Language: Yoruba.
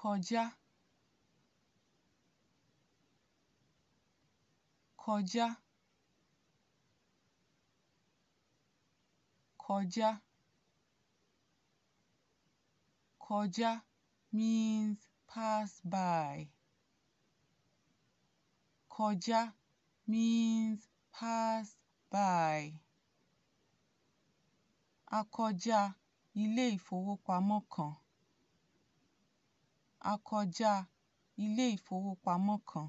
kọjá kọjá kọjá kọjá means pass by kọjá means pass by. A kọjá ilé-ìfowópamọ́ kan a kọjá ilé-ìfowópamọ́ kan